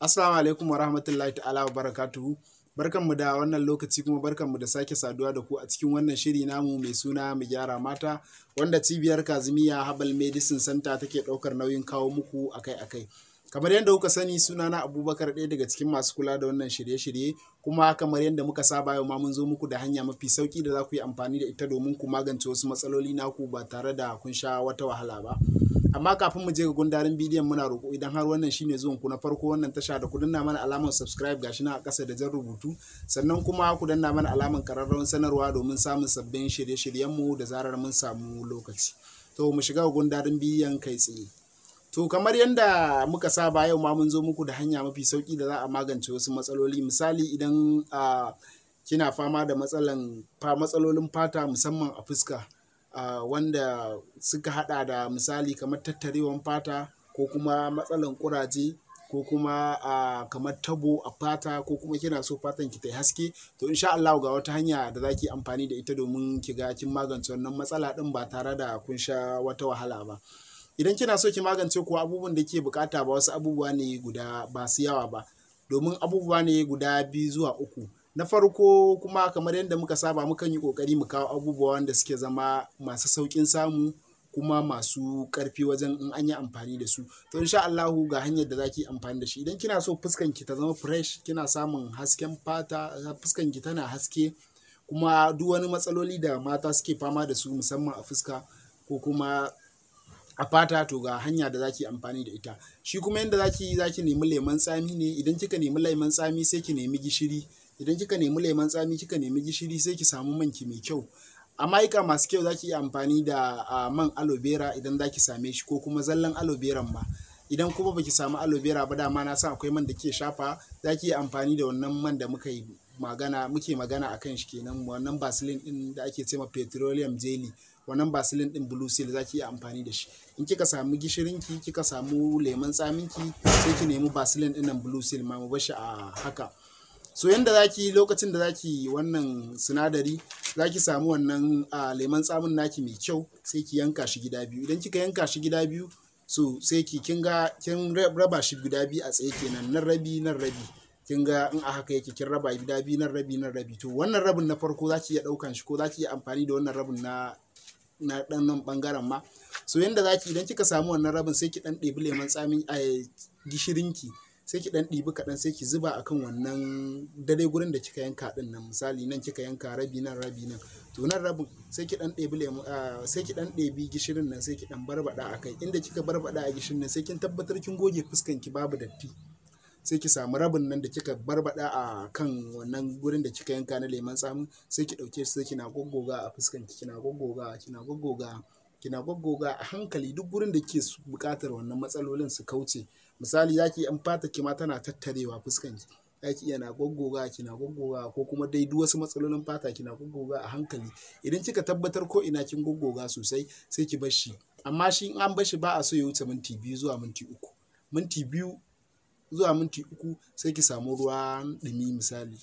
Assalamu alaikum wa rahmatullahi ta'ala wa barakatuhu. Barkanmu da wannan lokaci kuma barkanmu da sake saduwa da ku a cikin wannan shiri namu mai suna mu gyara mata wanda cibiyar Kazimiya Habal Medicine Center take ɗaukar nauyin kawo muku akai-akai. Kamar yadda kuka sani suna na Abubakar ɗaya daga cikin masu kula da wannan shirye-shirye kuma kamar yadda muka saba yau ma mun zo muku da hanya mafi sauki da za ku yi amfani da ita domin ku magance wasu matsaloli naku ba tare da kun sha wata wahala ba. amma kafin mu je ga gundarin bidiyon muna roƙo idan har wannan shine zuwan ku na farko wannan tasha da ku danna mana alamar subscribe gashi na a ƙasa da jan rubutu sannan kuma ku danna mana alamar ƙararrawar sanarwa domin samun sabbin shirye-shiryen mu da zarar mun samu lokaci to mu shiga ga gundarin bidiyon kai tsaye to kamar yadda muka saba yau ma mun zo muku da hanya mafi sauki da za a magance wasu matsaloli misali idan ah, kina fama da matsalan matsalolin fata musamman a fuska wanda suka hada da misali kamar tattarewan fata ko kuma matsalan kuraje ko kuma kamar tabo a fata ko kuma kina so fatan ki ta yi haske to insha Allah ga wata hanya da zaki amfani da ita domin ki ga kin magance wannan matsala din ba tare da kun sha wata wahala ba idan kina so ki magance kuwa abubuwan da ke bukata ba wasu abubuwa ne guda ba su yawa ba domin abubuwa ne guda biyu zuwa uku na farko kuma kamar yadda muka saba mukan yi kokari mu kawo abubuwa wanda suke zama masu saukin samu kuma masu karfi wajen in an yi amfani da su to insha Allah ga hanyar da zaki amfani da shi idan kina so fuskan ki ta zama fresh kina samun hasken fata fuskan ki tana haske kuma duk wani matsaloli da mata suke fama da su musamman a fuska ko kuma a fata to ga hanya da zaki amfani da ita shi kuma yadda zaki zaki nemi lemon tsami ne idan kika nemi lemon tsami sai ki nemi gishiri idan kika nemi lemon tsami kika nemi gishiri sai ki samu manki mai kyau a ma'aika masu kyau za ki iya amfani da man aloe vera idan za ki same shi ko kuma zallan aloe vera ma idan kuma baki samu aloe vera ba dama na san akwai man da ke shafa za ki iya amfani da wannan man da muka yi magana muke magana a kan shi kenan wannan basilin din da ake cewa petroleum jelly wannan basilin din blue seal za ki iya amfani da shi in kika samu gishirinki kika samu lemon tsaminki sai ki nemi basilin din nan blue seal ma mu bashi a haka so yanda zaki lokacin da zaki wannan sinadari zaki samu wannan lemon tsamin naki mai kyau sai ki yanka shi gida biyu idan kika yanka shi gida biyu so sai ki kin ga kin raba shi gida biyu a tsaye kenan nan rabi nan rabi kin ga in a haka yake kin raba gida biyu nan rabi nan rabi to wannan rabin na farko zaki iya daukan shi ko zaki iya amfani da wannan rabin na na dan nan bangaren ma so yanda zaki idan kika samu wannan rabin sai ki dan ɗebi lemon tsamin a eh, gishirinki ki sai ki dan ɗibi kaɗan sai ki zuba akan wannan dare gurin da kika yanka ɗin nan misali nan kika yanka rabi nan rabi nan to nan rabin sai ki dan ɗebi lemu ah, sai ki dan ɗebi gishirin nan sai ki dan barbada akai inda kika barbada a gishirin nan sai kin tabbatar kin goge fuskan ki babu datti sai ki samu rabin nan da kika barbada a kan wannan gurin da kika yanka na leman tsamin sai ki ɗauke sai kina goggoga a fuskan ki kina goggoga kina goggoga kina goggoga a hankali duk gurin da ke bukatar wannan matsalolin su kauce misali zaki an fata ki ma tana tattarewa fuskan ki zaki iya na goggoga kina goggoga ko kuma dai duk wasu matsalolin fata kina goggoga a hankali idan kika tabbatar ko ina kin goggoga sosai sai ki bar shi amma shi in an bar shi ba a so ya wuce minti biyu zuwa minti uku minti biyu zuwa minti uku sai ki samu ruwan dumi misali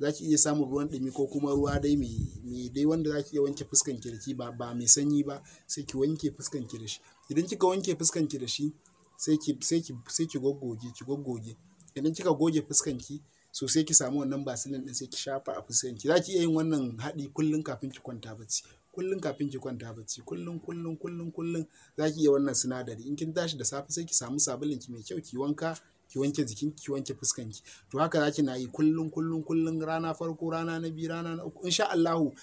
za ki iya samun ruwan ɗumi ko kuma ruwa dai mai dai wanda za ki iya wanke fuskan ki da shi ba ba mai sanyi ba sai ki wanke fuskan ki da shi idan kika wanke fuskan ki da shi sai ki sai ki sai ki goggoge ki goggoge idan kika goge fuskan ki so sai ki samu wannan basilin din sai ki shafa a fuskan ki za ki iya yin wannan haɗi kullun kafin ki kwanta bacci kullun kafin ki kwanta bacci kullun kullun kullun kullun za ki iya wannan sinadari in kin tashi da safe sai ki samu sabulin ki mai kyau ki wanka ki wanke jikin ki wanke fuskan ki to haka zaki na yi kullun kullun kullun rana farko rana na biyu rana na uku insha Allahu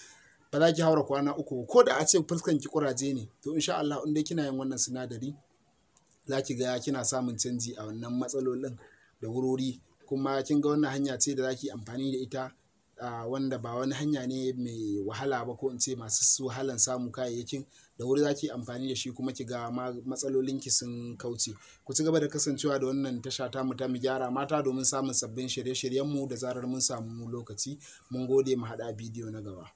ba za ki haura kwana uku ko da a ce fuskan ki kuraje ne to insha Allah in dai kina yin wannan sinadari za ki ga kina samun canji a wannan matsalolin da wurori kuma kin ga wannan hanya ce da za ki amfani da ita wanda ba wani hanya ne mai wahala ba ko in ce masu su wahalan samu kayayyakin da wuri za ki amfani da shi kuma ki ga matsalolin ki sun kauce ku ci gaba da kasancewa da wannan tasha ta mu ta mu gyara mata domin samun sabbin shirye-shiryen mu da zarar mun samu lokaci mun gode mu hada bidiyo na gaba